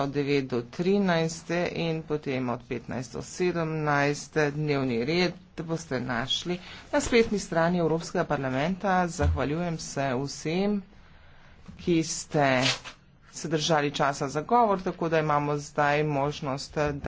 od 9 do 13 in potem od 15 do 17 dnevni red boste našli na spletni strani Evropskega parlamenta. Zahvaljujem se vsem, ki ste se držali časa za govor, tako da imamo zdaj možnost, da